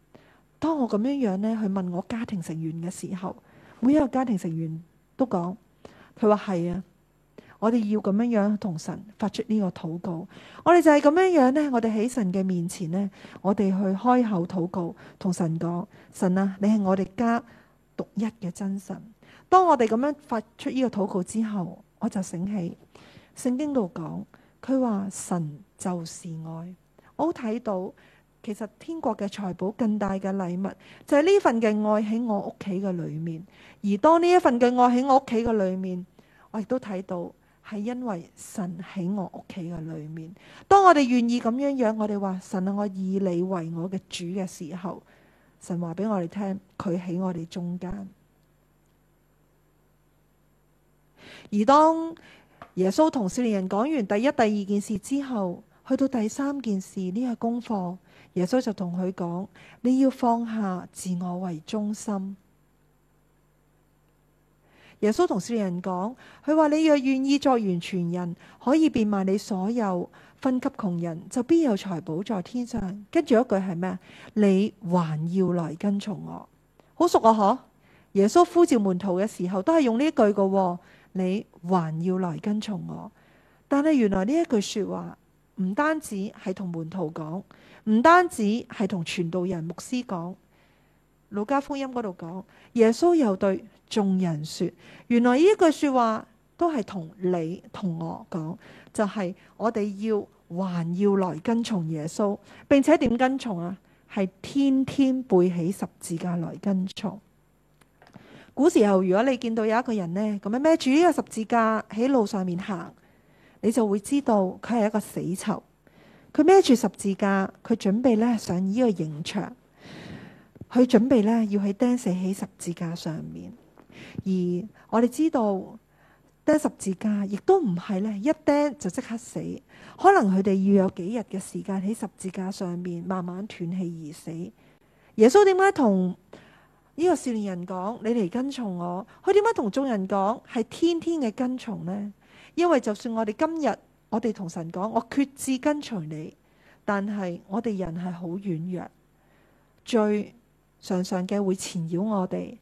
當我咁樣樣咧去問我家庭成員嘅時候，每一個家庭成員都講，佢話係啊，我哋要咁樣樣同神發出呢個禱告。我哋就係咁樣樣呢，我哋喺神嘅面前呢，我哋去開口禱告，同神講：神啊，你係我哋家獨一嘅真神。當我哋咁樣發出呢個禱告之後，我就醒起，聖經度講，佢話神就是愛。我睇到。其實天國嘅財寶，更大嘅禮物，就係、是、呢份嘅愛喺我屋企嘅裏面。而當呢一份嘅愛喺我屋企嘅裏面，我亦都睇到係因為神喺我屋企嘅裏面。當我哋願意咁樣樣，我哋話神啊，我以你為我嘅主嘅時候，神話俾我哋聽，佢喺我哋中間。而當耶穌同少年人講完第一、第二件事之後，去到第三件事，呢、這個功課。耶穌就同佢講：你要放下自我為中心。耶穌同少年人講：佢話你若願意作完全人，可以變賣你所有，分給窮人，就必有財寶在天上。跟住一句係咩？你還要來跟從我。好熟啊，嗬！耶穌呼召門徒嘅時候都係用呢一句噶、哦。你還要來跟從我？但係原來呢一句說話。唔單止係同門徒講，唔單止係同傳道人、牧師講，《路加福音》嗰度講，耶穌又對眾人說：原來呢句說話都係同你、同我講，就係、是、我哋要還要來跟從耶穌，並且點跟從啊？係天天背起十字架來跟從。古時候，如果你見到有一個人呢，咁樣孭住呢個十字架喺路上面行。你就會知道佢係一個死囚，佢孭住十字架，佢準備咧上呢個刑場，佢準備咧要喺釘死喺十字架上面。而我哋知道釘十字架亦都唔係咧一釘就即刻死，可能佢哋要有幾日嘅時間喺十字架上面慢慢斷氣而死。耶穌點解同呢個少年人講你嚟跟從我？佢點解同眾人講係天天嘅跟從呢？因為就算我哋今日我哋同神講，我決志跟隨你，但係我哋人係好軟弱，罪常常嘅會纏繞我哋，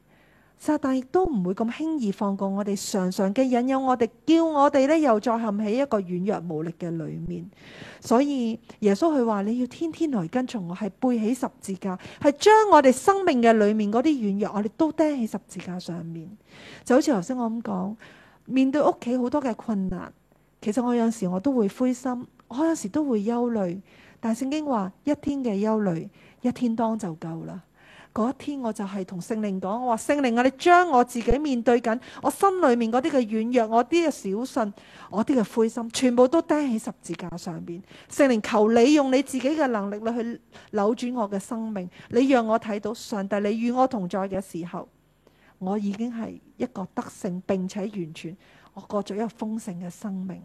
撒旦亦都唔會咁輕易放過我哋，常常嘅引誘我哋，叫我哋咧又再陷喺一個軟弱無力嘅裏面。所以耶穌佢話你要天天嚟跟隨我，係背起十字架，係將我哋生命嘅裏面嗰啲軟弱，我哋都釘喺十字架上面。就好似頭先我咁講。面對屋企好多嘅困難，其實我有時我都會灰心，我有時都會憂慮。但聖經話，一天嘅憂慮，一天當就夠啦。嗰天我就係同聖靈講，我話聖靈啊，你將我自己面對緊我心裏面嗰啲嘅軟弱，我啲嘅小信，我啲嘅灰心，全部都釘喺十字架上邊。聖靈求你用你自己嘅能力去扭轉我嘅生命，你讓我睇到上帝你與我同在嘅時候。我已經係一個得勝並且完全，我過咗一個豐盛嘅生命。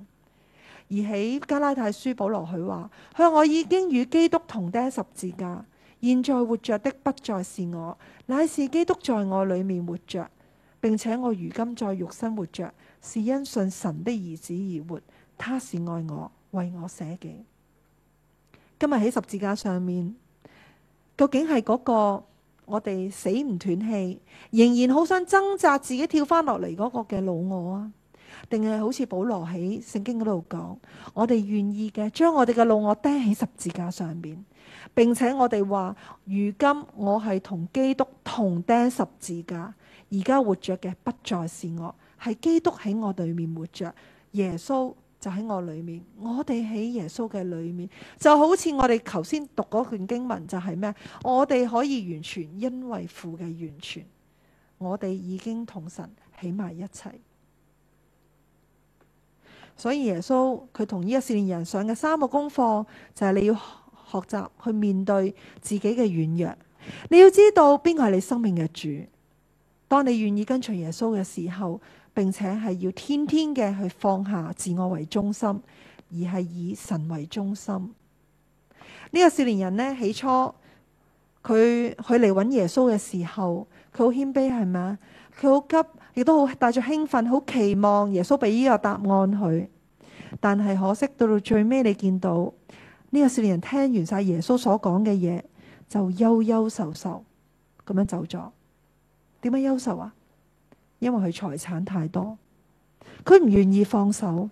而喺加拉太書保羅佢話：向我已經與基督同釘十字架，現在活着的不再是我，乃是基督在我裏面活着，並且我如今在肉身活着，是因信神的兒子而活。他是愛我，為我捨己。今日喺十字架上面，究竟係嗰、那個？我哋死唔斷氣，仍然好想掙扎自己跳翻落嚟嗰個嘅老我啊？定係好似保羅喺聖經嗰度講，我哋願意嘅將我哋嘅老我釘喺十字架上面，並且我哋話：如今我係同基督同釘十字架，而家活着嘅不再是我，係基督喺我裏面活着，耶穌。就喺我裏面，我哋喺耶穌嘅裏面，就好似我哋頭先讀嗰段經文，就係咩？我哋可以完全因為父嘅完全，我哋已經同神喺埋一齊。所以耶穌佢同呢一少年人上嘅三個功課，就係你要學習去面對自己嘅軟弱，你要知道邊個係你生命嘅主。當你願意跟隨耶穌嘅時候，並且係要天天嘅去放下自我為中心，而係以神為中心。呢個少年人呢，起初佢佢嚟搵耶穌嘅時候，佢好謙卑係咪？佢好急，亦都好帶住興奮，好期望耶穌俾呢個答案佢。但係可惜到到最尾，你見到呢個少年人聽完晒耶穌所講嘅嘢，就憂憂愁愁咁樣走咗。點樣憂愁啊？因為佢財產太多，佢唔願意放手，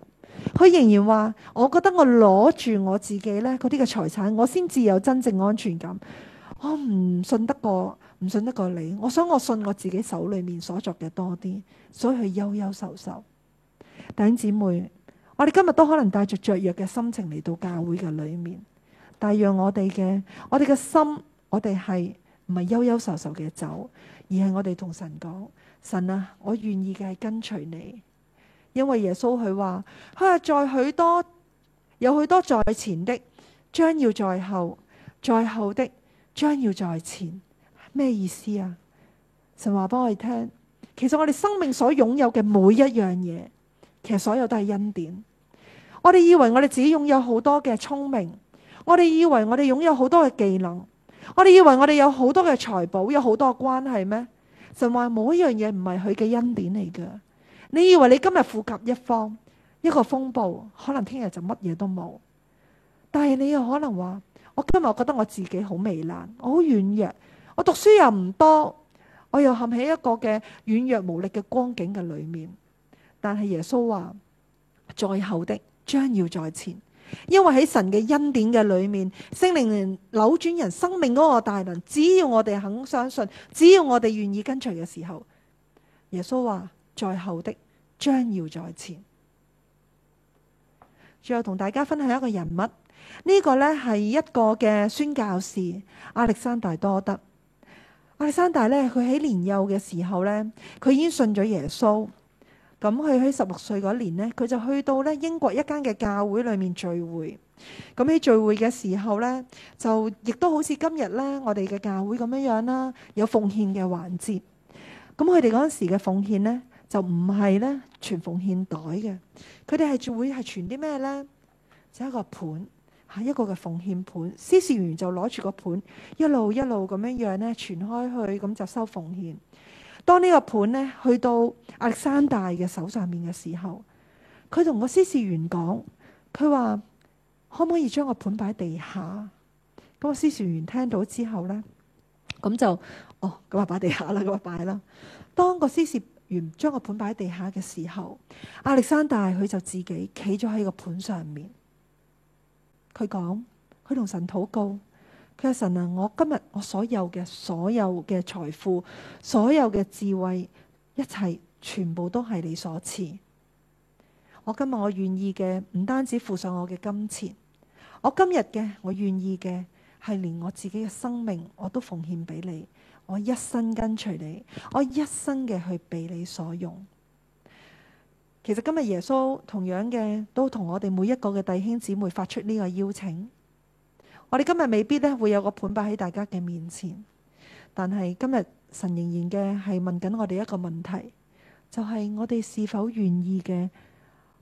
佢仍然話：我覺得我攞住我自己呢嗰啲嘅財產，我先至有真正安全感。我唔信得過，唔信得過你。我想我信我自己手裏面所作嘅多啲，所以佢憂憂愁愁。弟兄姊妹，我哋今日都可能帶着雀躍嘅心情嚟到教會嘅裏面，但係讓我哋嘅，我哋嘅心，我哋係唔係憂憂愁愁嘅走，而係我哋同神講。神啊，我願意嘅係跟隨你，因為耶穌佢話，佢係在許多有許多在前的，將要在後；在後的將要在前。咩意思啊？神話幫我哋聽。其實我哋生命所擁有嘅每一樣嘢，其實所有都係恩典。我哋以為我哋自己擁有好多嘅聰明，我哋以為我哋擁有好多嘅技能，我哋以為我哋有好多嘅財寶，有好多嘅關係咩？神話，冇一樣嘢唔係佢嘅恩典嚟噶。你以為你今日富甲一方，一個風暴可能聽日就乜嘢都冇。但係你又可能話：我今日我覺得我自己好微難，我好軟弱，我讀書又唔多，我又陷喺一個嘅軟弱無力嘅光景嘅裏面。但係耶穌話：在後的將要在前。因為喺神嘅恩典嘅裏面，聖靈扭轉人生命嗰個大能，只要我哋肯相信，只要我哋願意跟隨嘅時候，耶穌話：在後的將要在前。最後同大家分享一個人物，呢個咧係一個嘅宣教士，亞歷山大多德。亞歷山大呢，佢喺年幼嘅時候呢，佢已經信咗耶穌。咁佢喺十六歲嗰年呢，佢就去到咧英國一間嘅教會裏面聚會。咁喺聚會嘅時候呢，就亦都好似今日呢，我哋嘅教會咁樣樣啦，有奉獻嘅環節。咁佢哋嗰陣時嘅奉獻呢，就唔係呢傳奉獻袋嘅，佢哋係聚會係傳啲咩呢？就是，一個盤，嚇一個嘅奉獻盤。司事員就攞住個盤，一路一路咁樣樣呢傳開去，咁就收奉獻。當個盤，呢個盤咧去到亞歷山大嘅手上面嘅時候，佢同個司事員講，佢話可唔可以將個盤擺地下？咁、個司事員聽到之後咧，咁就哦，咁啊擺地下啦，咁啊擺啦。當個司事員將個盤擺地下嘅時候，亞歷山大佢就自己企咗喺個盤上面，佢講，佢同神禱告。佢話神啊，我今日我所有嘅所有嘅財富，所有嘅智慧，一切全部都係你所賜。我今日我願意嘅唔單止付上我嘅金錢，我今日嘅我願意嘅係連我自己嘅生命我都奉獻俾你，我一生跟隨你，我一生嘅去被你所用。其實今日耶穌同樣嘅都同我哋每一個嘅弟兄姊妹發出呢個邀請。我哋今日未必咧會有個盤擺喺大家嘅面前，但係今日神仍然嘅係問緊我哋一個問題，就係、是、我哋是否願意嘅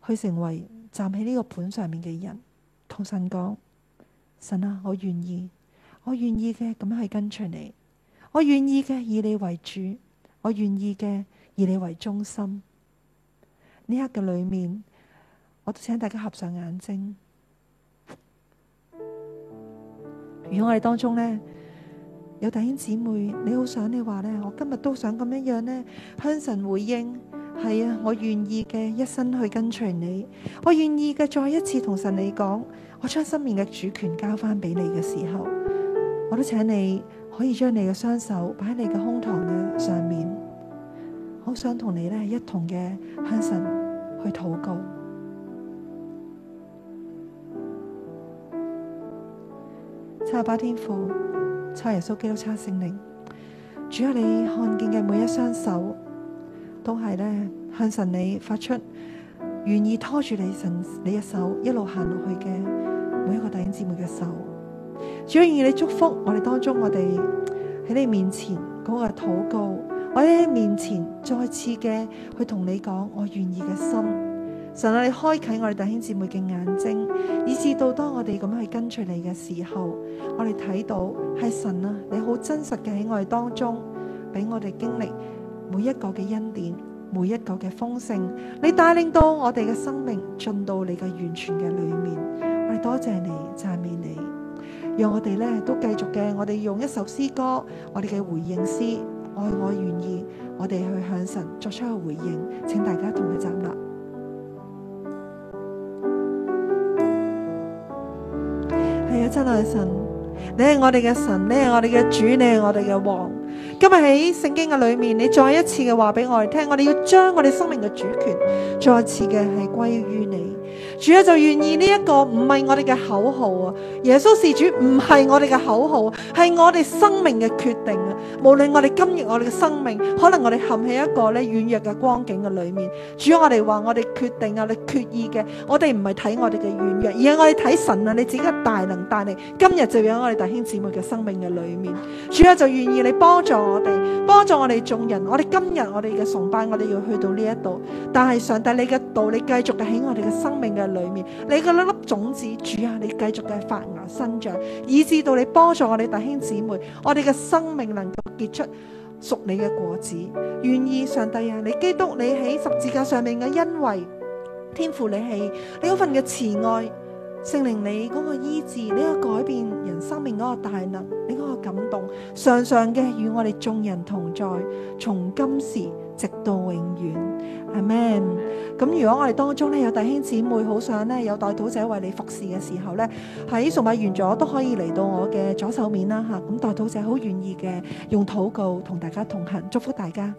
去成為站喺呢個盤上面嘅人，同神講：神啊，我願意，我願意嘅咁樣去跟隨你，我願意嘅以你為主，我願意嘅以你為中心。呢一刻嘅裏面，我都請大家合上眼睛。如果我哋當中咧，有弟兄姊妹，你好想你話咧，我今日都想咁樣樣咧，向神回應，係啊，我願意嘅一生去跟隨你，我願意嘅再一次同神你講，我將生命嘅主權交翻俾你嘅時候，我都請你可以將你嘅雙手擺喺你嘅胸膛嘅上面，好想同你咧一同嘅向神去禱告。阿爸天父，差耶穌基督，差聖靈。主啊，你看見嘅每一雙手，都係咧向神你發出願意拖住你神你嘅手一路行落去嘅每一個弟兄姊妹嘅手。主啊，願意你祝福我哋當中，我哋喺你面前嗰個禱告，我喺你面前再次嘅去同你講我願意嘅心。神你開啟我哋弟兄姊妹嘅眼睛，以至到當我哋咁樣去跟隨你嘅時候，我哋睇到係神啊！你好真實嘅喺我哋當中，俾我哋經歷每一個嘅恩典，每一個嘅豐盛。你帶領到我哋嘅生命進到你嘅完全嘅裏面。我哋多謝你，讚美你，讓我哋咧都繼續嘅。我哋用一首詩歌，我哋嘅回應詩《愛我願意》，我哋去向神作出一個回應。請大家同佢站立。係啊，真愛神！你係我哋嘅神，你係我哋嘅主，你係我哋嘅王。今日喺聖經嘅裏面，你再一次嘅話俾我哋聽，我哋要將我哋生命嘅主權，再次嘅係歸於你。主啊，就願意呢一個唔係我哋嘅口號啊，耶穌是主唔係我哋嘅口號，係我哋生命嘅決定啊。無論我哋今日我哋嘅生命，可能我哋陷喺一個咧軟弱嘅光景嘅裏面，主啊，我哋話我哋決定啊，你決意嘅，我哋唔係睇我哋嘅軟弱，而係我哋睇神啊，你自己嘅大能大力，今日就有我哋弟兄姊妹嘅生命嘅裏面。主啊，就願意你幫助我哋，幫助我哋眾人。我哋今日我哋嘅崇拜，我哋要去到呢一度，但係上帝你嘅道，你繼續嘅喺我哋嘅生命嘅。裏面，你嗰粒粒種子，主啊，你繼續嘅發芽生長，以致到你幫助我哋弟兄姊妹，我哋嘅生命能夠結出屬你嘅果子。願意上帝啊，你基督，你喺十字架上面嘅恩惠，天父，你係你嗰份嘅慈愛，聖靈你嗰個醫治，你個改變人生命嗰個大能，你嗰個感動，常常嘅與我哋眾人同在，從今時。直到永遠，Amen。咁如果我哋當中咧有弟兄姊妹好想咧有代禱者為你服侍嘅時候咧，喺崇拜完咗都可以嚟到我嘅左手面啦，吓，咁代禱者好願意嘅用禱告同大家同行，祝福大家。